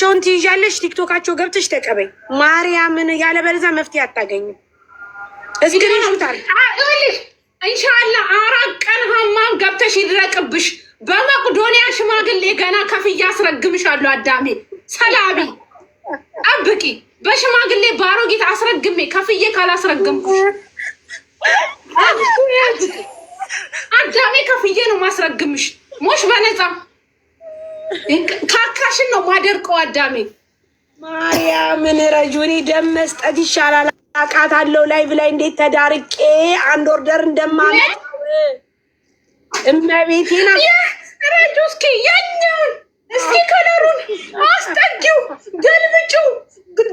ቸውን ትይዣለሽ፣ ቲክቶካቸው ገብተሽ ተቀበይ ማርያምን። ያለበለዚያ መፍትሄ አታገኝም። እስክሪንሹታል ኢንሻላህ አራት ቀን ሀማም ገብተሽ ይድረቅብሽ። በመቅዶኒያ ሽማግሌ ገና ከፍዬ አስረግምሻለሁ። አዳሜ ሰላቢ ጠብቂ። በሽማግሌ በአሮጊት አስረግሜ ከፍዬ ካላስረግምኩሽ አዳሜ ከፍዬ ነው ማስረግምሽ ሞሽ በነፃ ካካሽን ነው ማደርቀው። አዳሜ ማርያምን ረጁኒ ደም መስጠት ይሻላል። አቃት አለው ላይቭ ላይ እንዴት ተዳርቄ አንድ ኦርደር እንደማለ እመቤቴና ረጁ እስኪ የኛውን እስቲ ከለሩን አስጠጊው፣ ገልብጭው፣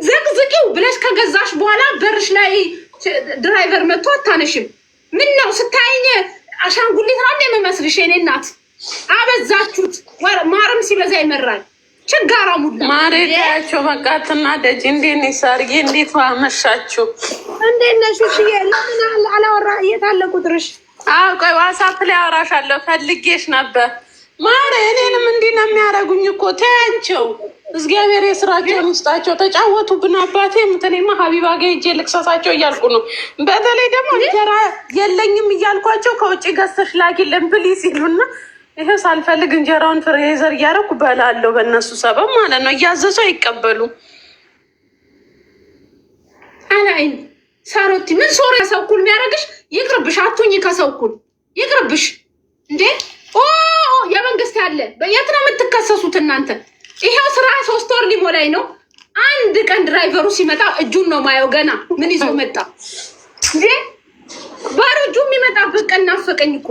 ዘቅዝቂው ብለሽ ከገዛሽ በኋላ በርሽ ላይ ድራይቨር መጥቶ አታነሽም። ምን ነው ስታይኝ አሻንጉሊት ነው የምመስልሽ? የኔ እናት አበዛችሁት። ማረም ሲበዛ ይመራል። ችጋራ ሙላ ማሬ ታያቸው በቃትና ደጅ እንዴት ነሽ? ሳርጌ እንዴት አመሻችሁ? እንዴት ነሽ? ለምን አላወራ? የት አለ ቁጥርሽ? አዎ ቆይ ዋሳፕ ላይ አወራሻለሁ። ፈልጌሽ ነበር ማሬ። እኔንም እንዲህ ነው የሚያደርጉኝ እኮ ተያንቸው እግዚአብሔር የስራቸውን ውስጣቸው ተጫወቱብን። አባቴ ምትኔማ ሀቢባ ጋ ሂጅ ልክሰሳቸው እያልኩ ነው። በተለይ ደግሞ እንጀራ የለኝም እያልኳቸው ከውጭ ገዝተሽ ላኪልን ፕሊስ ይሉና ይሄ ሳልፈልግ እንጀራውን ፍሬዘር እያደረኩ በላለው በእነሱ ሰበብ ማለት ነው። እያዘዙ አይቀበሉም። አላይን ሳሮቲ ምን ሶሪ ከሰው እኩል የሚያደርግሽ ይቅርብሽ። አቱኝ ከሰው እኩል ይቅርብሽ። እንዴ የመንግስት ያለ በየት ነው የምትከሰሱት እናንተ? ይሄው ስራ ሶስት ወር ሊሞላኝ ነው። አንድ ቀን ድራይቨሩ ሲመጣ እጁን ነው ማየው። ገና ምን ይዞ መጣ እንዴ? ባዶ እጁ የሚመጣበት ቀን ናፈቀኝ እኮ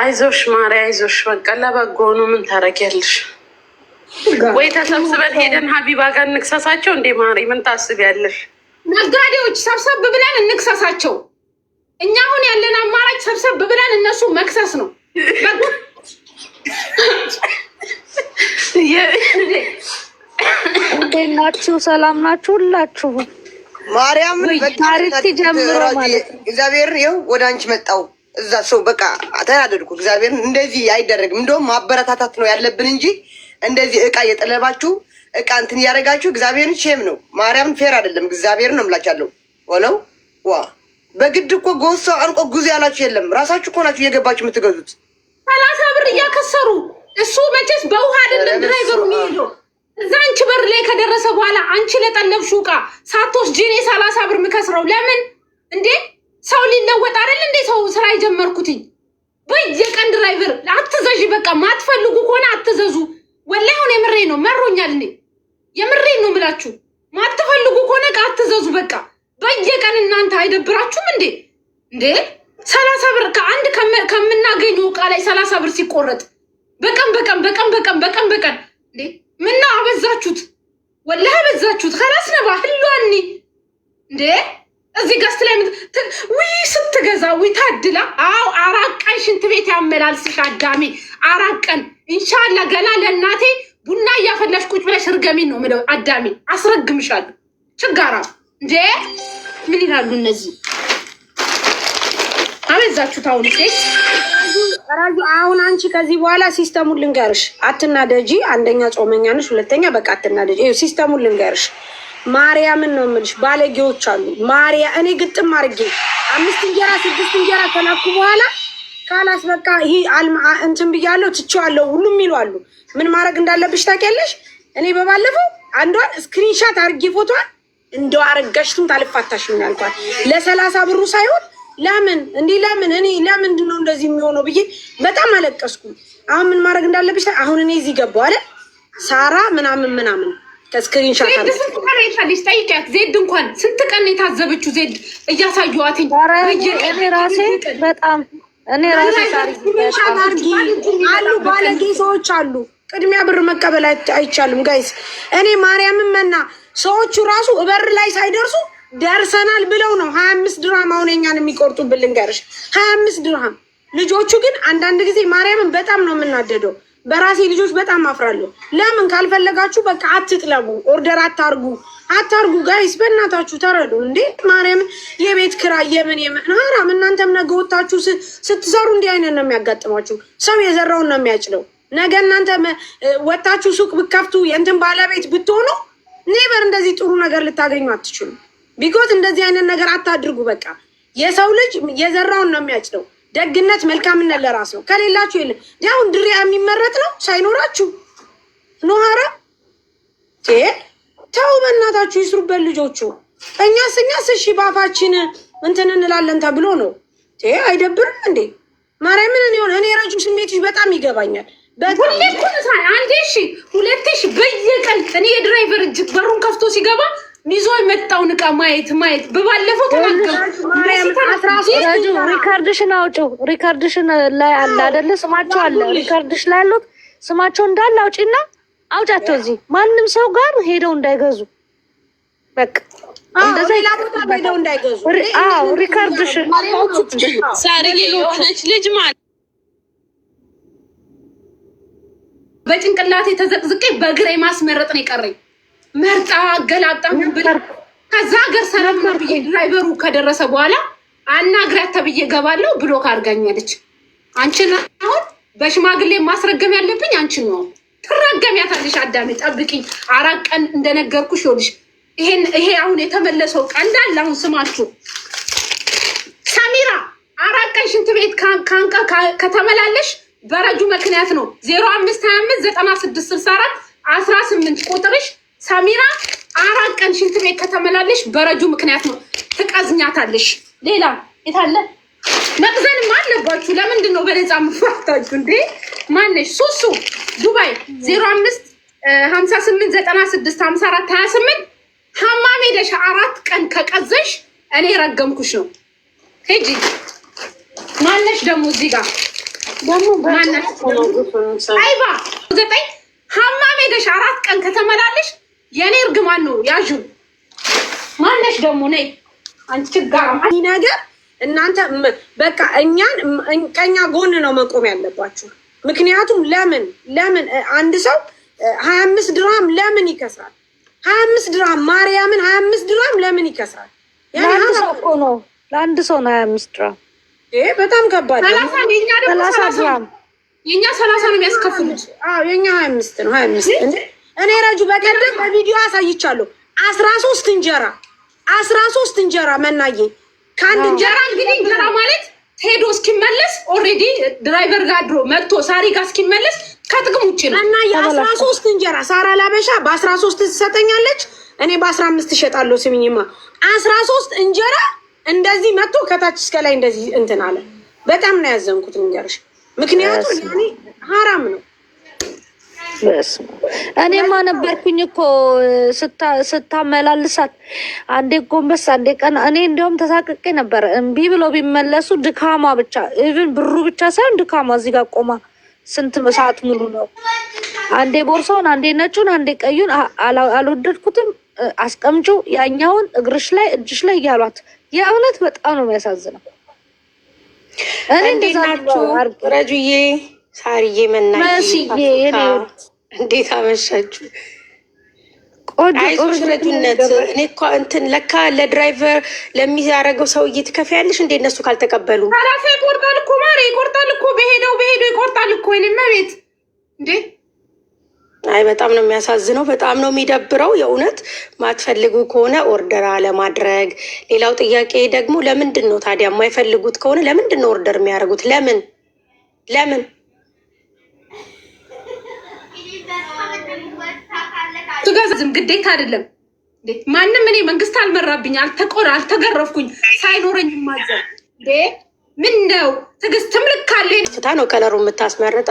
አይዞሽ ማሪ አይዞሽ፣ በቃ ለበጎ ነው። ምን ታረጊያለሽ? ወይ ተሰብስበን ሄደን ሀቢባ ጋር እንክሰሳቸው። እንዴ ማሪ ምን ታስቢያለሽ? ነጋዴዎች ሰብሰብ ብለን እንክሰሳቸው። እኛ አሁን ያለን አማራጭ ሰብሰብ ብለን እነሱ መክሰስ ነው። እንዴት ናችሁ? ሰላም ናችሁ? ሁላችሁም ማርያም ታሪክ ጀምሮ ማለት እግዚአብሔር ይኸው ወደ አንቺ መጣው እዛ ሰው በቃ ተናደድኩ። እግዚአብሔር እንደዚህ አይደረግም። እንደውም ማበረታታት ነው ያለብን እንጂ እንደዚህ እቃ እየጠለባችሁ እቃ እንትን እያደረጋችሁ እግዚአብሔርን ሼም ነው ማርያምን፣ ፌር አይደለም። እግዚአብሔርን ነው የምላቻለሁ። ሆነው ዋ በግድ እኮ ጎሶ አንቆ ጉዞ ያላችሁ የለም። ራሳችሁ ከሆናችሁ እየገባችሁ የምትገዙት። ሰላሳ ብር እያከሰሩ እሱ መቼስ በውሃ አይደለም ድራይቨሩ የሚሄደው እዛ አንቺ በር ላይ ከደረሰ በኋላ አንቺ ለጠለብሽው እቃ ሳትወስጂ ጂኔ ሰላሳ ብር የምከስረው ለምን እንዴ? ሰው ሊለወጥ አይደል እንዴ? ሰው ስራ የጀመርኩትኝ በየቀን ድራይቨር አትዘዥ። በቃ ማትፈልጉ ከሆነ አትዘዙ። ወላ አሁን የምሬ ነው መሮኛል። እኔ የምሬ ነው ምላችሁ ማትፈልጉ ከሆነ ቃ አትዘዙ። በቃ በየቀን እናንተ አይደብራችሁም እንዴ? እንዴ ሰላሳ ብር ከአንድ ከምናገኘው እቃ ላይ ሰላሳ ብር ሲቆረጥ በቀን በቀን በቀን በቀን በቀን በቀን እንዴ ምና አበዛችሁት? ወላ አበዛችሁት። ከራስ ነባ ህሏኒ እንዴ እዚህ ጋር ስትላይ ውይ ስትገዛ ውይ ታድላ። አዎ አራት ቀን ሽንት ቤት ያመላልስሽ አዳሜ፣ አራት ቀን ኢንሻላ። ገና ለእናቴ ቡና እያፈላሽ ቁጭ ብለሽ እርገሚን ነው የምለው አዳሜ፣ አስረግምሻለሁ። ችጋራ እንዴ ምን ይላሉ እነዚህ? አበዛችሁት። አሁን ራጁ፣ አሁን አንቺ ከዚህ በኋላ ሲስተሙን ልንገርሽ፣ አትናደጂ። አንደኛ ጾመኛ ነሽ፣ ሁለተኛ በቃ አትናደጂ። ሲስተሙን ልንገርሽ ማርያምን ነው የምልሽ። ባለጌዎች አሉ። ማርያ እኔ ግጥም አድርጌ አምስት እንጀራ ስድስት እንጀራ ከላኩ በኋላ ካላስ በቃ ይህ እንትን ብያለሁ ትቼዋለሁ ሁሉም ይሏሉ። ምን ማድረግ እንዳለብሽ ታውቂያለሽ? እኔ በባለፈው አንዷን ስክሪንሻት አድርጌ ፎቷን እንደው አረጋሽቱም ታልፋታሽም ያልኳል ለሰላሳ ብሩ ሳይሆን ለምን እንዲህ ለምን እኔ ለምንድን ነው እንደዚህ የሚሆነው ብዬ በጣም አለቀስኩ። አሁን ምን ማድረግ እንዳለብሽ አሁን እኔ እዚህ ገባሁ አይደል ሳራ ምናምን ምናምን ስክሪንሻት ጠይቂያት። ዜድ እንኳን ስንት ቀን የታዘበችው ዜድ እያሳየዋት ራሴ በጣም እኔ አሉ ባለጌ ሰዎች አሉ። ቅድሚያ ብር መቀበል አይቻልም ጋይስ። እኔ ማርያምን መና ሰዎቹ ራሱ በር ላይ ሳይደርሱ ደርሰናል ብለው ነው ሀያ አምስት ድርሃም አሁን እኛን የሚቆርጡብን ልንገርሽ፣ ሀያ አምስት ድርሃም ልጆቹ ግን አንዳንድ ጊዜ ማርያምን በጣም ነው የምናደደው። በራሴ ልጆች በጣም አፍራለሁ። ለምን ካልፈለጋችሁ በቃ አትጥለቡ፣ ኦርደር አታርጉ፣ አታርጉ። ጋይስ በእናታችሁ ተረዱ እንዴ! ማርያም የቤት ክራይ የምን የምን ሀራም። እናንተም ነገ ወታችሁ ስትሰሩ እንዲህ አይነት ነው የሚያጋጥማችሁ። ሰው የዘራውን ነው የሚያጭለው። ነገ እናንተ ወታችሁ ሱቅ ብከፍቱ የእንትን ባለቤት ብትሆኑ ኔበር እንደዚህ ጥሩ ነገር ልታገኙ አትችሉ። ቢኮዝ እንደዚህ አይነት ነገር አታድርጉ። በቃ የሰው ልጅ የዘራውን ነው የሚያጭለው። ደግነት፣ መልካምነት ለራስ ነው። ከሌላችሁ የለም። አሁን ድሪያ የሚመረጥ ነው ሳይኖራችሁ ኖ ሀራም ተው፣ በእናታችሁ ይስሩበት ልጆቹ። እኛስ እኛስ እሺ ባፋችን እንትን እንላለን ተብሎ ነው። አይደብርም እንዴ ማርያምን? እኔ ሆነ እኔ ረጁ ስሜትሽ በጣም ይገባኛል። ሁሌ አንዴ ሺ ሁለት ሺ በየቀን እኔ የድራይቨር እጅ በሩን ከፍቶ ሲገባ ይዞ የመጣውን እቃ ማየት ማየት በባለፈው ተናገሩ። ሪካርድሽን አውጪው ሪካርድሽን ላይ አለ አደለ? ስማቸው አለ ሪካርድሽ ላይ ያሉት ስማቸው እንዳለ አውጪና አውጫቸው እዚህ ማንም ሰው ጋር ሄደው እንዳይገዙ በቃ በጭንቅላቴ ተዘቅዝቄ በእግሬ ማስመረጥ ነው የቀረኝ። መርጣ አገላጣ ብላ ከዛ ሀገር ሰላም ነው ብዬ ድራይቨሩ ከደረሰ በኋላ አናግሪያት ተብዬ ገባለሁ ብሎ ካርጋኛለች። አንቺን አሁን በሽማግሌ ማስረገም ያለብኝ አንቺን ነው። ትረገሚያታለሽ። አዳሜ ጠብቂኝ። አራት ቀን እንደነገርኩሽ ይኸውልሽ፣ ይሄን ይሄ አሁን የተመለሰው ቀንዳል። አሁን ስማችሁ ሰሚራ፣ አራት ቀን ሽንት ቤት ካንቃ ከተመላለሽ በረጁ ምክንያት ነው። ዜሮ አምስት ሀያ አምስት ዘጠና ስድስት ስልሳ አራት አስራ ስምንት ቁጥርሽ ሰሚራ አራት ቀን ሽንት ቤት ከተመላለሽ በረጁ ምክንያት ነው። ትቀዝኛታለሽ። ሌላ የታለ መቅዘንም አለባችሁ። ለምንድን ነው በነፃ ምፍራታችሁ እንዴ? ማነሽ ሱሱ ዱባይ ዜሮ አምስት ሀምሳ ስምንት ዘጠና ስድስት ሀምሳ አራት ሀያ ስምንት ሀማም ሄደሽ አራት ቀን ከቀዘሽ እኔ ረገምኩሽ ነው። ሄጂ ማነሽ ደግሞ እዚህ ጋር ደግሞ አይባ ዘጠኝ ሀማም ሄደሽ አራት ቀን ከተመላለሽ የኔ እርግማን ነው ያዡ። ማነሽ ደግሞ ነይ አንቺ ጋር ነገር እናንተ በቃ እኛን ከኛ ጎን ነው መቆም ያለባችሁ። ምክንያቱም ለምን ለምን አንድ ሰው ሀያ አምስት ለምን ይከስራል? ሀያ አምስት ማርያምን፣ ሀያ አምስት ለምን ይከስራል? ለአንድ ሰው ነው ሀያ አምስት ድራም ይሄ በጣም ከባድ ነው። ሰላሳ ድርሃም የእኛ ሰላሳ ነው የሚያስከፍሉት። የእኛ ሀያ አምስት ነው ሀያ አምስት እኔ ረጁ በቀደም በቪዲዮ አሳይቻለሁ። አስራ ሶስት እንጀራ አስራ ሶስት እንጀራ መናዬ ከአንድ እንጀራ እንግዲህ እንጀራ ማለት ሄዶ እስኪመለስ ኦልሬዲ ድራይቨር ጋር ድሮ መጥቶ ሳሪ ጋር እስኪመለስ ከጥቅም ውጭ ነው እና የአስራ ሶስት እንጀራ ሳራ ላበሻ በአስራ ሶስት ትሰጠኛለች እኔ በአስራ አምስት እሸጣለሁ። ስሚኝማ አስራ ሶስት እንጀራ እንደዚህ መጥቶ ከታች እስከ ላይ እንደዚህ እንትን አለ። በጣም ነው ያዘንኩት ልንገርሽ፣ ምክንያቱም ያኔ ሀራም ነው እኔማ ነበርኩኝ እኮ ስታመላልሳት፣ አንዴ ጎንበስ አንዴ ቀና። እኔ እንዲያውም ተሳቅቄ ነበረ። እምቢ ብለው ቢመለሱ ድካማ ብቻ ኢቭን ብሩ ብቻ ሳይሆን ድካማ። እዚህ ጋር ቆማ ስንት ሰዓት ሙሉ ነው። አንዴ ቦርሳውን፣ አንዴ ነጩን፣ አንዴ ቀዩን። አልወደድኩትም። አስቀምጩ ያኛውን እግርሽ ላይ እጅሽ ላይ እያሏት የእውነት በጣም ነው የሚያሳዝነው። እኔ እንደዛ ረጁዬ? ሳርዬ መናእንዴት እንዴት አመሻችሁ? አይዞሽ ረጁነት። እኔ እኮ እንትን ለካ ለድራይቨር ለሚያደርገው ሰውዬ ትከፍያለሽ እንዴ? እነሱ ካልተቀበሉ ራሴ ይቆርጣል እኮ ማሬ፣ ይቆርጣል እኮ በሄደው በሄደው ይቆርጣል እኮ ወይኔማ ቤት እንዴ! አይ በጣም ነው የሚያሳዝነው። በጣም ነው የሚደብረው። የእውነት ማትፈልጉ ከሆነ ኦርደር አለማድረግ። ሌላው ጥያቄ ደግሞ ለምንድን ነው ታዲያ የማይፈልጉት ከሆነ ለምንድን ነው ኦርደር የሚያደርጉት? ለምን ለምን አትጋዘዝም፣ ግዴታ አይደለም። ማንም እኔ መንግስት አልመራብኝ፣ አልተቆር አልተገረፍኩኝ፣ ሳይኖረኝ ማዘ ምን ነው ትዕግስትም ልክ ፍታ ነው ከለሩ የምታስመርጣ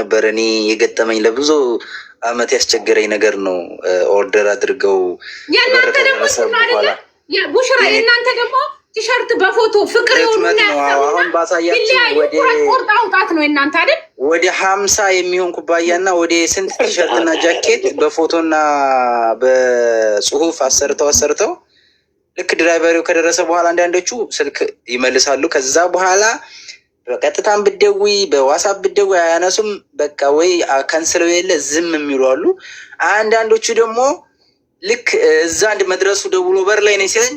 ነበር። እኔ የገጠመኝ ለብዙ አመት ያስቸገረኝ ነገር ነው። ኦርደር አድርገው የእናንተ ደግሞ ቡሽራ የእናንተ ደግሞ ቲሸርት በፎቶ ፍቅር ሆኑናቁራቆርጥ አውጣት ነው እናንተ አይደል? ወደ ሀምሳ የሚሆን ኩባያና ወደ ስንት ቲሸርትና ጃኬት በፎቶና በጽሁፍ አሰርተው አሰርተው ልክ ድራይቨሪው ከደረሰ በኋላ አንዳንዶቹ ስልክ ይመልሳሉ። ከዛ በኋላ በቀጥታም ብደዊ በዋሳብ ብደዊ አያነሱም። በቃ ወይ ከንስለው የለ ዝም የሚሉ አሉ። አንዳንዶቹ ደግሞ ልክ እዛ አንድ መድረሱ ደውሎ በር ላይ ነኝ ሲለኝ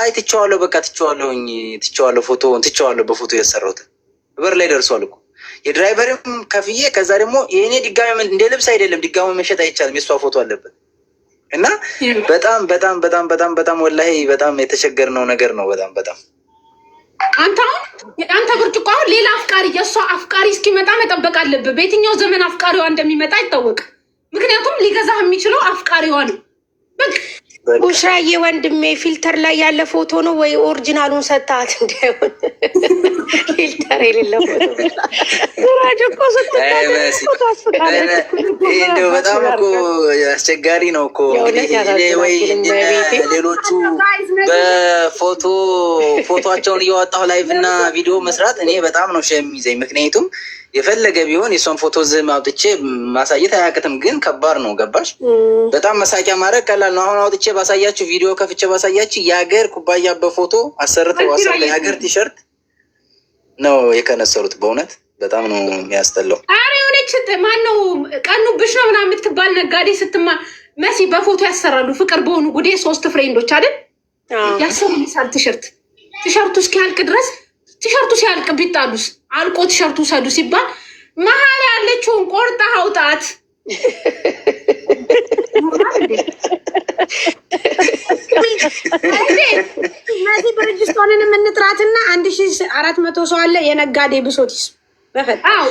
አይ ትቼዋለሁ፣ በቃ ትቼዋለሁኝ፣ ትቼዋለሁ፣ ፎቶ ትቼዋለሁ። በፎቶ ያሰራሁት በር ላይ ደርሷል እኮ የድራይቨርም ከፍዬ ከዛ ደግሞ የእኔ ድጋሚ እንደ ልብስ አይደለም ድጋሚ መሸጥ አይቻልም። የእሷ ፎቶ አለበት እና በጣም በጣም በጣም በጣም በጣም ወላሂ በጣም የተቸገርነው ነገር ነው። በጣም በጣም አንተ አሁን የአንተ ብርጭቆ አሁን ሌላ አፍቃሪ የእሷ አፍቃሪ እስኪመጣ መጠበቅ አለብህ። በየትኛው ዘመን አፍቃሪዋ እንደሚመጣ አይታወቅም። ምክንያቱም ሊገዛህ የሚችለው አፍቃሪዋ ነው በቃ ቡሽራዬ ወንድሜ ፊልተር ላይ ያለ ፎቶ ነው ወይ ኦሪጂናሉን ሰጣት? እንዳይሆን ፊልተር የሌለው በጣም እኮ አስቸጋሪ ነው እኮ ወይ ሌሎቹ በፎቶ ፎቶቸውን እያወጣሁ ላይቭ እና ቪዲዮ መስራት እኔ በጣም ነው ሸሚዘኝ ምክንያቱም የፈለገ ቢሆን የሰውን ፎቶ ዝም አውጥቼ ማሳየት አያቅትም፣ ግን ከባድ ነው። ገባሽ? በጣም መሳቂያ ማድረግ ቀላል ነው። አሁን አውጥቼ ባሳያችሁ፣ ቪዲዮ ከፍቼ ባሳያችሁ፣ የሀገር ኩባያ በፎቶ አሰርተው አሰር የሀገር ቲሸርት ነው የከነሰሩት። በእውነት በጣም ነው የሚያስጠላው። ኧረ የሆነች ማነው ቀኑብሽ ነው ምናምን የምትባል ነጋዴ ስትማ መሲ በፎቶ ያሰራሉ። ፍቅር በሆኑ ጉዴ ሶስት ፍሬንዶች አይደል ያሰሩ ሳል ቲሸርት ቲሸርቱ እስኪያልቅ ድረስ ቲሸርቱ ሲያልቅ ቢጣሉስ አልቆ ቲሸርቱ ሰዱ ሲባል መሀል ያለችውን ቆርጣ አውጣት። እነዚህ ብርጅስቶንን የምንጥራትና አንድ ሺ አራት መቶ ሰው አለ። የነጋዴ ብሶትስ በፈጣው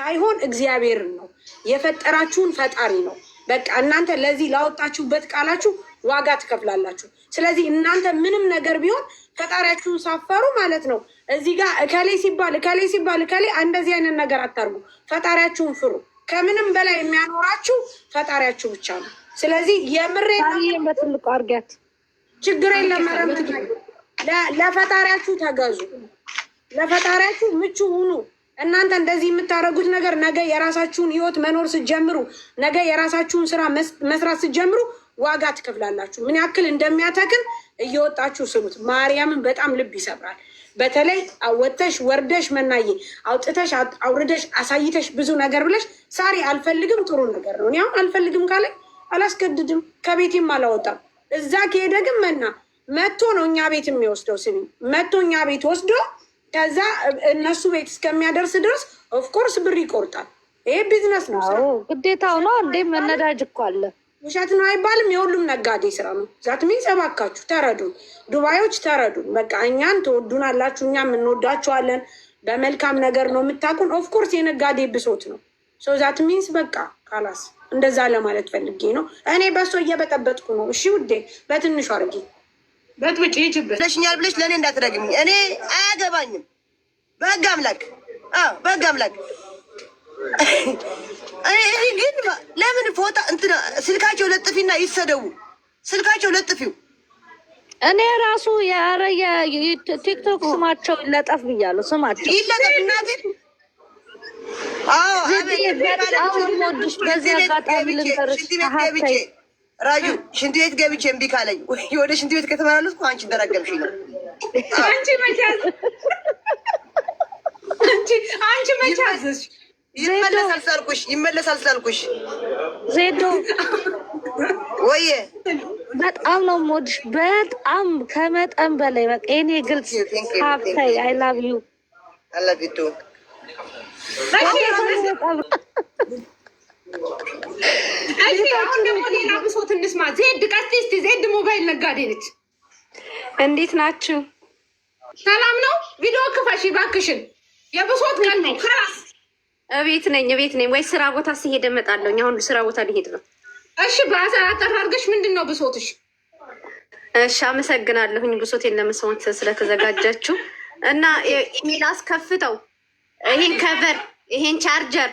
ሳይሆን እግዚአብሔርን ነው የፈጠራችሁን ፈጣሪ ነው። በቃ እናንተ ለዚህ ላወጣችሁበት ቃላችሁ ዋጋ ትከፍላላችሁ። ስለዚህ እናንተ ምንም ነገር ቢሆን ፈጣሪያችሁን ሳፈሩ ማለት ነው። እዚህ ጋር እከሌ ሲባል እከሌ ሲባል እከሌ እንደዚህ አይነት ነገር አታርጉ። ፈጣሪያችሁን ፍሩ። ከምንም በላይ የሚያኖራችሁ ፈጣሪያችሁ ብቻ ነው። ስለዚህ የምሬ በትልቁ አርጋት ችግር ለመረምት ለፈጣሪያችሁ ተገዙ። ለፈጣሪያችሁ ምቹ ሁኑ። እናንተ እንደዚህ የምታደርጉት ነገር ነገ የራሳችሁን ህይወት መኖር ስትጀምሩ፣ ነገ የራሳችሁን ስራ መስራት ስትጀምሩ ዋጋ ትከፍላላችሁ። ምን ያክል እንደሚያተክል እየወጣችሁ ስሙት። ማርያምን በጣም ልብ ይሰብራል። በተለይ አወተሽ ወርደሽ መናዬ አውጥተሽ አውርደሽ አሳይተሽ ብዙ ነገር ብለሽ ሳሪ አልፈልግም፣ ጥሩ ነገር ነው። እኔ አልፈልግም ካለ አላስገድድም፣ ከቤቴም አላወጣም። እዛ ከሄደ ግን መና መቶ ነው እኛ ቤት የሚወስደው። ስሚ መቶ እኛ ቤት ወስዶ ከዛ እነሱ ቤት እስከሚያደርስ ድረስ ኦፍኮርስ ብር ይቆርጣል። ይሄ ቢዝነስ ነው፣ ግዴታው ነው እንዴ መነዳጅ እኮ አለ ውሸት ነው አይባልም። የሁሉም ነጋዴ ስራ ነው። ዛት ሚን ሰባካችሁ፣ ተረዱን፣ ዱባዮች ተረዱን። በቃ እኛን ትወዱን አላችሁ፣ እኛም እንወዳችኋለን። በመልካም ነገር ነው የምታቁን። ኦፍኮርስ የነጋዴ ብሶት ነው። ሰው ዛት ሚንስ በቃ ካላስ እንደዛ ለማለት ፈልጌ ነው። እኔ በሶ እየበጠበጥኩ ነው። እሺ ውዴ፣ በትንሹ አርጊ በትውጭ ይችበት ብለሽኛል ብለሽ ለእኔ እንዳትረግኝ። እኔ አያገባኝም። በህግ አምላክ፣ በህግ አምላክ እኔ ግን ለምን ፎጣ እንትን ስልካቸው ለጥፊና ይሰደቡ። ስልካቸው ለጥፊው እኔ ራሱ ያረ ቲክቶክ ስማቸው ይለጠፍ ብያለሁ። ስማቸው ይለጠፍ እናቴ። ራጁ ሽንት ቤት ገብቼ እምቢ ካለኝ ወደ ሽንት ቤት ከተመላለስኩ አንቺ እንደረገብሽኝ ነው። አንቺ መቻዝ አንቺ መቻዘሽ ይመለሳል ስላልኩሽ ይመለሳል ስላልኩሽ ዜዶ በጣም ነው የምወድሽ፣ በጣም ከመጠን በላይ በቃ የኔ ግልጽ ሀብታይ አይ ላቭ ዩ ዜድ ሞባይል ነጋዴ ነች። እንዴት ናችሁ? ሰላም ነው። ቪዲዮ ክፈሽ ባክሽን፣ የብሶት ቀን ነው። እቤት ነኝ እቤት ነኝ። ወይ ስራ ቦታ ሲሄድ እመጣለሁኝ። አሁን ስራ ቦታ ሊሄድ ነው። እሺ በአሳ አጠራርገሽ ምንድን ነው ብሶትሽ? እሺ አመሰግናለሁኝ። ብሶቴን ለመስማት ስለተዘጋጃችሁ እና ኢሜል አስከፍተው ይሄን ከቨር ይሄን ቻርጀር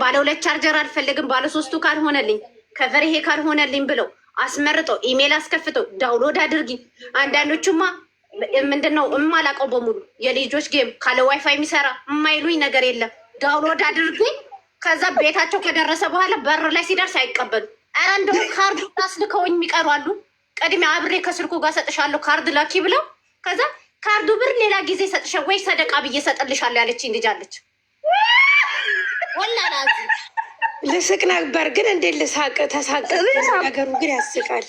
ባለ ሁለት ቻርጀር አልፈልግም፣ ባለ ሶስቱ ካልሆነልኝ ከቨር ይሄ ካልሆነልኝ ብለው አስመርጠው ኢሜል አስከፍተው ዳውንሎድ አድርጊ። አንዳንዶቹማ ምንድን ነው በሙሉ የልጆች ጌም ካለ ዋይፋይ የሚሰራ የማይሉኝ ነገር የለም። ዳውንሎድ አድርጉኝ። ከዛ ቤታቸው ከደረሰ በኋላ በር ላይ ሲደርስ አይቀበሉም። ኧረ እንደው ካርዱ አስልከውኝ የሚቀሩ አሉ። ቅድሚያ አብሬ ከስልኩ ጋር ሰጥሻለሁ ካርድ ላኪ ብለው ከዛ ካርዱ ብር ሌላ ጊዜ ሰጥሻ ወይ ሰደቃ ብዬ ሰጥልሻለሁ ያለችኝ ልጅ አለች ወላ ልስቅ ነበር ግን እንዴ ልሳቅ? ተሳቀ። ነገሩ ግን ያስቃል።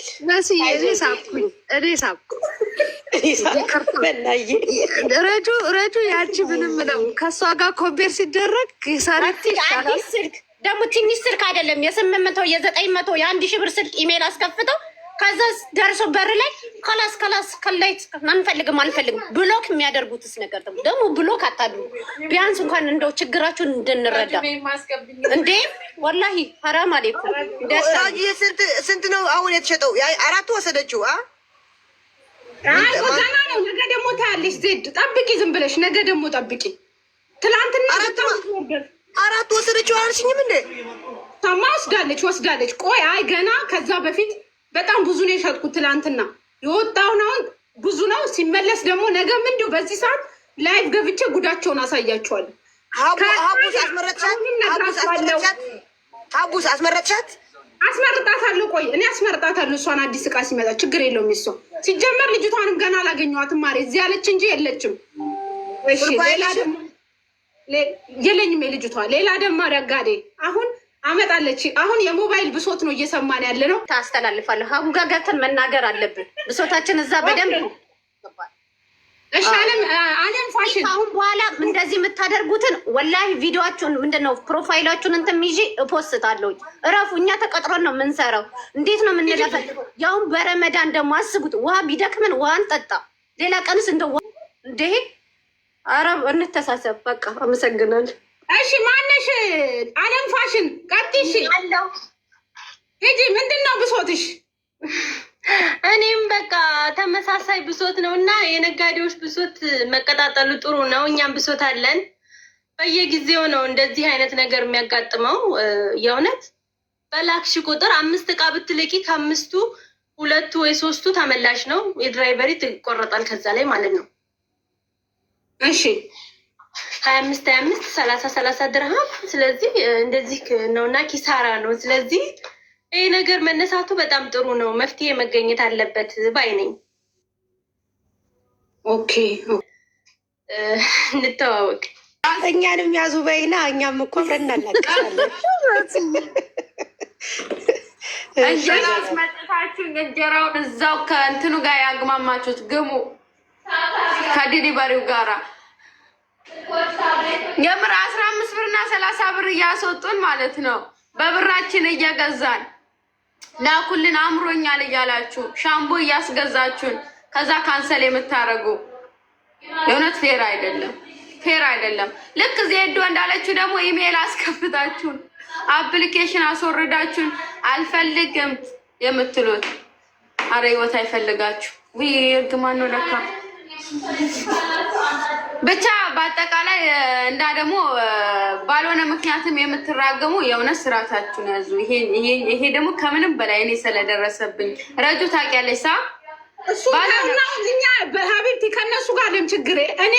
ረጁ ረጁ ያቺ ምንም ነው ከእሷ ጋር ኮምፔር ሲደረግ ሳረት ይሻላል። ደግሞ ትንሽ ስልክ አይደለም የስምንት መቶ የዘጠኝ መቶ የአንድ ሺህ ብር ስልክ ኢሜል አስከፍተው ከዛ ደርሶ በር ላይ ከላስ ከላስ ከላይት አንፈልግም አንፈልግም ብሎክ የሚያደርጉትስ ነገር ደግሞ ደግሞ ብሎክ አታድሩ። ቢያንስ እንኳን እንደው ችግራችሁን እንድንረዳ እንዴ ወላሂ ሀራም አሌኩም። ስንት ነው አሁን የተሸጠው? አራቱ ወሰደችው። ገና ነው። ነገ ደግሞ ታያለሽ። ዜድ ጠብቂ፣ ዝም ብለሽ ነገ ደግሞ ጠብቂ። ትላንትና አራቱ ወሰደችው አልሽኝም እንዴ? ተማ ወስዳለች፣ ወስዳለች። ቆይ አይ ገና ከዛ በፊት በጣም ብዙ ነው የሸጥኩት። ትላንትና የወጣውን አሁን ብዙ ነው ሲመለስ ደግሞ ነገ ምንድው በዚህ ሰዓት ላይቭ ገብቼ ጉዳቸውን አሳያቸዋለሁ። ሀቡስ አስመረጥሻት? አስመርጣታለሁ። ቆይ እኔ አስመርጣታለሁ። እሷን አዲስ እቃ ሲመጣ ችግር የለውም። እሷ ሲጀመር ልጅቷንም ገና አላገኘኋትም። ማሬ እዚህ ያለች እንጂ የለችም። ሌላ ደግሞ የለኝም የልጅቷ ሌላ ደግሞ አረጋዴ አሁን አመጣለች። አሁን የሞባይል ብሶት ነው እየሰማን ያለ ነው። ታስተላልፋለህ። አቡ ጋር ገብተን መናገር አለብን። ብሶታችን እዛ በደንብ እሻንም አለም ፋሽን አሁን በኋላ እንደዚህ የምታደርጉትን ወላሂ ቪዲዮችሁን ምንድን ነው ፕሮፋይላችሁን እንትም ይዤ እፖስታለሁ። እረፉ። እኛ ተቀጥሮን ነው የምንሰራው። እንዴት ነው የምንለፈ? ያሁን በረመዳን ደግሞ አስቡት። ውሃ ቢደክምን ውሃ እንጠጣ። ሌላ ቀንስ እንደ እንዴ አረብ እንተሳሰብ። በቃ አመሰግናለሁ። እሺ ማነሽ? አለም ፋሽን ቀጥሽ አለው ሂጂ። ምንድን ነው ብሶትሽ? እኔም በቃ ተመሳሳይ ብሶት ነው እና የነጋዴዎች ብሶት መቀጣጠሉ ጥሩ ነው። እኛም ብሶት አለን። በየጊዜው ነው እንደዚህ አይነት ነገር የሚያጋጥመው። የእውነት በላክሽ ቁጥር አምስት እቃ ብትልቂ ከአምስቱ ሁለቱ ወይ ሶስቱ ተመላሽ ነው። የድራይቨሪ ትቆረጣል ከዛ ላይ ማለት ነው። እሺ ሀያ አምስት ሀያ አምስት ሰላሳ ሰላሳ ድርሃም ስለዚህ እንደዚህ ነው እና ኪሳራ ነው። ስለዚህ ይህ ነገር መነሳቱ በጣም ጥሩ ነው። መፍትሄ መገኘት አለበት ባይ ነኝ። ኦኬ እንተዋወቅ። እኛንም ያዙ በይና እኛም እኮ አብረን እንጀራ አስመጥታችሁ እንጀራውን እዛው ከእንትኑ ጋር ያግማማችሁት ግሙ ከዲሊቨሪው ጋራ የምር አስራ አምስት ብር ሰላሳ ብር እያስወጡን ማለት ነው። በብራችን እየገዛን ላኩልን አምሮኛል እያላችሁ ሻምቦ እያስገዛችሁን ከዛ ካንሰል የምታደርጉ የእውነት ፌር አይደለም፣ ፌር አይደለም። ልክ ዜዶ እንዳለችው ደግሞ ኢሜይል አስከፍታችሁን አፕሊኬሽን አስወርዳችሁን አልፈልግም የምትሉት አረ ህይወት አይፈልጋችሁ። ውይ እርግማን ነው ለካ። ብቻ በአጠቃላይ እንዳ ደግሞ ባልሆነ ምክንያትም የምትራገሙ የእውነት ስርዓታችሁን ያዙ። ይሄ ደግሞ ከምንም በላይ እኔ ስለደረሰብኝ ረጁ ታውቂያለሽ። ሳ እሱእኛ በሀቢብቲ ከእነሱ ጋር ደም ችግሬ እኔ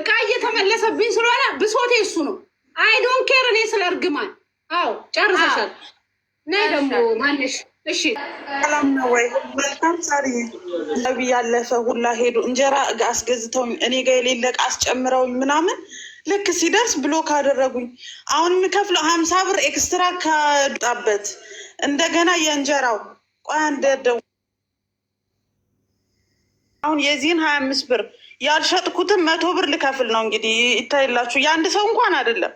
እቃ እየተመለሰብኝ ስለሆነ ብሶቴ እሱ ነው። አይ ዶንት ኬር እኔ ስለ እርግማን። አዎ ጨርሰሻል። ነይ ደግሞ ማንሽ እሺ ሰላም ነው ወይ? በጣም ሳሪ ነቢ ያለፈ ሁላ ሄዱ እንጀራ አስገዝተውኝ እኔ ጋ የሌለ ዕቃ አስጨምረውኝ ምናምን ልክ ሲደርስ ብሎክ አደረጉኝ። አሁን የምከፍለው ሀምሳ ብር ኤክስትራ ከጣበት እንደገና የእንጀራው ቆይ እንደደው አሁን የዚህን ሀያ አምስት ብር ያልሸጥኩትን መቶ ብር ልከፍል ነው እንግዲህ ይታይላችሁ። የአንድ ሰው እንኳን አይደለም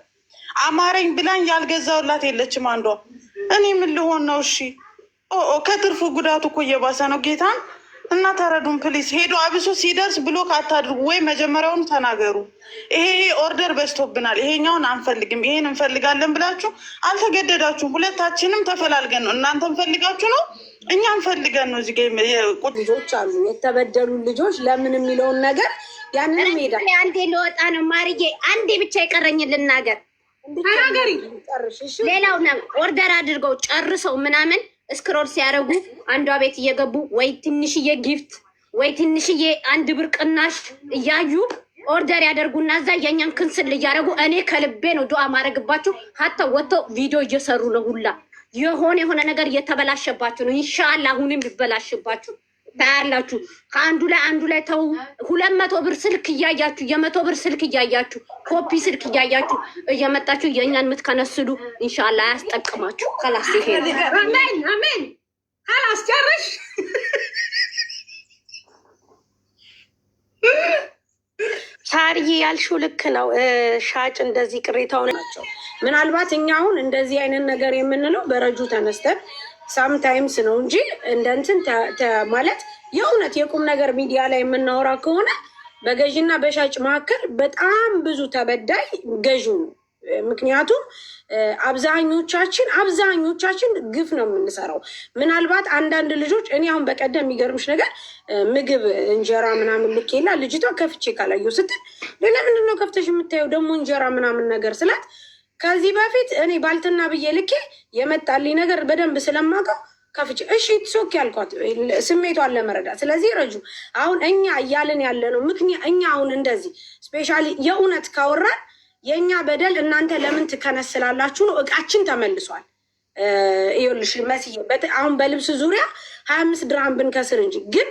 አማረኝ ብላኝ ያልገዛውላት የለችም አንዷ። እኔ ምን ልሆን ነው? እሺ ከትርፉ ጉዳቱ እኮ እየባሰ ነው። ጌታን እና ተረዱን ፕሊስ። ሄዶ አብሶ ሲደርስ ብሎክ አታድርጉ፣ ወይ መጀመሪያውን ተናገሩ። ይሄ ኦርደር በዝቶብናል፣ ይሄኛውን አንፈልግም፣ ይሄን እንፈልጋለን ብላችሁ አልተገደዳችሁም። ሁለታችንም ተፈላልገን ነው። እናንተ እንፈልጋችሁ ነው፣ እኛ እንፈልገን ነው። እዚህ ልጆች አሉ፣ የተበደሉ ልጆች ለምን የሚለውን ነገር ያንን ሜዳ አንዴ ለወጣ ነው። ማርዬ አንዴ ብቻ የቀረኝ ልናገር። ሌላው ኦርደር አድርገው ጨርሰው ምናምን ስክሮል ሲያደርጉ አንዷ ቤት እየገቡ ወይ ትንሽዬ ጊፍት ወይ ትንሽዬ አንድ ብር ቅናሽ እያዩ ኦርደር ያደርጉና እዛ የኛን ክንስል እያደረጉ እኔ ከልቤ ነው ዱዓ ማድረግባችሁ። ሀታ ወጥተው ቪዲዮ እየሰሩ ነው። ሁላ የሆነ የሆነ ነገር እየተበላሸባችሁ ነው። ኢንሻአላ አሁንም ይበላሽባችሁ። ታያላችሁ። ከአንዱ ላይ አንዱ ላይ ተው። ሁለት መቶ ብር ስልክ እያያችሁ የመቶ ብር ስልክ እያያችሁ ኮፒ ስልክ እያያችሁ እየመጣችሁ የእኛን የምትከነስሉ ኢንሻላ አያስጠቅማችሁ። ከላስ ይሄ አሜን አሜን። ከላስ ጨርሽ ሳርዬ ያልሽው ልክ ነው። ሻጭ እንደዚህ ቅሬታው ናቸው። ምናልባት እኛ አሁን እንደዚህ አይነት ነገር የምንለው በረጁ ተነስተን ሳምታይምስ ነው እንጂ እንደ እንትን ማለት የእውነት የቁም ነገር ሚዲያ ላይ የምናወራ ከሆነ በገዥና በሻጭ መካከል በጣም ብዙ ተበዳይ ገዥ ነው። ምክንያቱም አብዛኞቻችን አብዛኞቻችን ግፍ ነው የምንሰራው። ምናልባት አንዳንድ ልጆች እኔ አሁን በቀደም የሚገርምሽ ነገር ምግብ እንጀራ ምናምን ልኬላ ልጅቷ ከፍቼ ካላየው ስትል ለምንድን ነው ከፍተሽ የምታየው ደግሞ እንጀራ ምናምን ነገር ስላት ከዚህ በፊት እኔ ባልትና ብዬ ልኬ የመጣልኝ ነገር በደንብ ስለማውቀው ከፍች እሺ ትሶክ ያልኳት ስሜቷን ለመረዳት ስለዚህ ረጁ አሁን እኛ እያልን ያለ ነው ምክንያት እኛ አሁን እንደዚህ ስፔሻሊ የእውነት ካወራን የእኛ በደል እናንተ ለምን ትከነስላላችሁ ነው። እቃችን ተመልሷል። ይኸውልሽ መስዬ አሁን በልብስ ዙሪያ ሀያ አምስት ድራም ብንከስር እንጂ ግን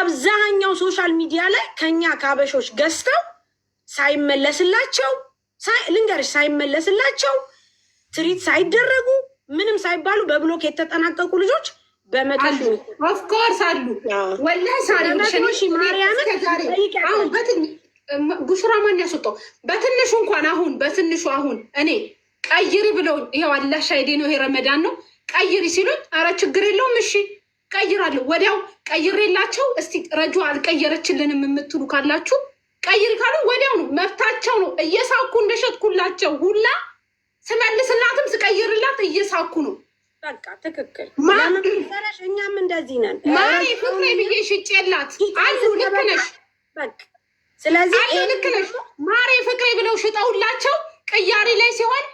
አብዛኛው ሶሻል ሚዲያ ላይ ከኛ ከአበሾች ገዝተው ሳይመለስላቸው ልንገርሽ ሳይመለስላቸው ትሪት ሳይደረጉ ምንም ሳይባሉ በብሎክ የተጠናቀቁ ልጆች በመኦፍኮርስ አሉ። ጉሽራ ማን ያስወጣው? በትንሹ እንኳን አሁን በትንሹ አሁን እኔ ቀይሪ ብለው ይኸው አላሽ አይዴ ነው ይሄ ረመዳን ነው ቀይሪ ሲሉኝ፣ አረ ችግር የለውም እሺ ቀይራለሁ። ወዲያው ቀይሬላቸው እስቲ ረጁ አልቀየረችልንም የምትሉ ካላችሁ ቀይር ካሉ ወዲያውኑ መብታቸው ነው። እየሳኩ እንደሸጥኩላቸው ሁላ ስመልስላትም ስቀይርላት እየሳኩ ነው። በቃ ትክክል። እኛም እንደዚህ ነን። ማሪ ፍቅሬ ብዬ ሽጬላት አሉ። ልክ ነሽ። ስለዚህ አሉ። ልክ ነሽ ማሪ ፍቅሬ ብለው ሽጠውላቸው ቅያሪ ላይ ሲሆን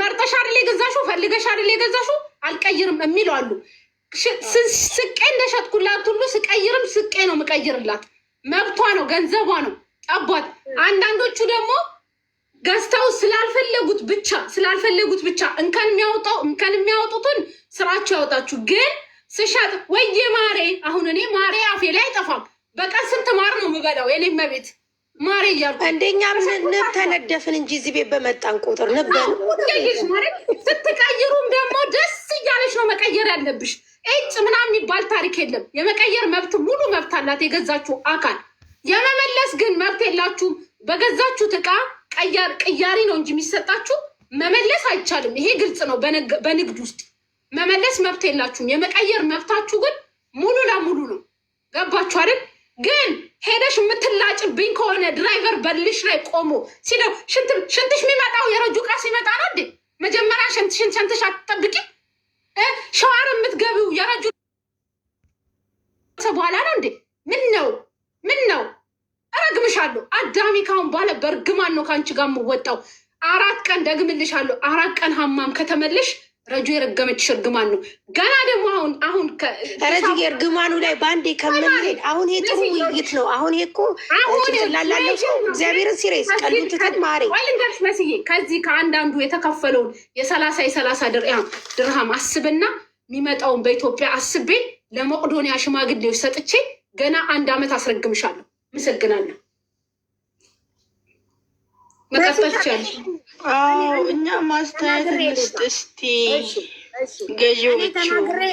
መርጠሽ አይደል የገዛሽው፣ ፈልገሽ አይደል ገዛሹ አልቀይርም የሚሉ አሉ። ስቄ እንደሸጥኩላት ሁሉ ስቀይርም ስቄ ነው የምቀይርላት። መብቷ ነው፣ ገንዘቧ ነው። አባት አንዳንዶቹ ደግሞ ገዝተው ስላልፈለጉት ብቻ ስላልፈለጉት ብቻ እንከን የሚያወጣው እንከን የሚያወጡትን ስራቸው ያወጣችሁ። ግን ስሸጥ ወይ ማሬ አሁን እኔ ማሬ አፌ ላይ አይጠፋም። በቀን ስንት ማር ነው የምበላው? የኔ መቤት ማሬ እያልኩ እንደኛም ንብ ተነደፍን እንጂ እዚህ ቤት በመጣን ቁጥር ንብ ስትቀይሩም ደግሞ ደስ እያለች ነው መቀየር ያለብሽ። እጭ ምናምን የሚባል ታሪክ የለም። የመቀየር መብት ሙሉ መብት አላት የገዛችው አካል የመመለስ ግን መብት የላችሁም። በገዛችሁት ዕቃ ቅያሪ ነው እንጂ የሚሰጣችሁ መመለስ አይቻልም። ይሄ ግልጽ ነው። በንግድ ውስጥ መመለስ መብት የላችሁም። የመቀየር መብታችሁ ግን ሙሉ ለሙሉ ነው። ገባችሁ አይደል? ግን ሄደሽ የምትላጭብኝ ከሆነ ድራይቨር በልሽ ላይ ቆሞ ሲለው ሽንትሽ የሚመጣው የረጁ ዕቃ ሲመጣ ነው እንዴ? መጀመሪያ ሽንትሽን ሸንትሽ አትጠብቂ። ሸዋር የምትገቢው የረጁ በኋላ ነው እንዴ? ምን ነው ምን ነው እረግምሻለሁ። አዳሚ ካሁን ባለ በእርግማን ነው ከአንቺ ጋር የምወጣው። አራት ቀን ደግምልሻለሁ። አራት ቀን ሀማም ከተመለሽ ረጁ የረገመችሽ እርግማን ነው። ገና ደግሞ አሁን አሁን ረጁ የእርግማኑ ላይ በአንዴ ከምንሄድ አሁን ይሄ ጥሩ ውይይት ነው። አሁን ይሄ እኮ ላላለው ሰው እግዚአብሔርን ሲሬስ ቀሉትተት ማሬ ልንገርሽ መስዬ ከዚህ ከአንዳንዱ የተከፈለውን የሰላሳ የሰላሳ ድርያ ድርሃም አስብና የሚመጣውን በኢትዮጵያ አስቤ ለመቅዶኒያ ሽማግሌዎች ሰጥቼ ገና አንድ አመት አስረግምሻለሁ። አመሰግናለሁ። መቀጠል እኛ ማስተያየት እንስጥ እስቲ። ተናግሬ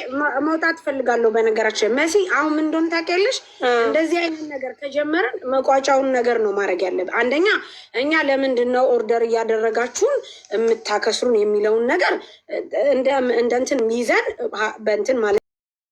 መውጣት ፈልጋለሁ። በነገራችን መሲ አሁን ምን እንደሆነ ታውቂያለሽ? እንደዚህ አይነት ነገር ከጀመረን መቋጫውን ነገር ነው ማድረግ ያለብን። አንደኛ እኛ ለምንድን ነው ኦርደር እያደረጋችሁን የምታከስሩን የሚለውን ነገር እንደ እንትን ይዘን በእንትን ማለት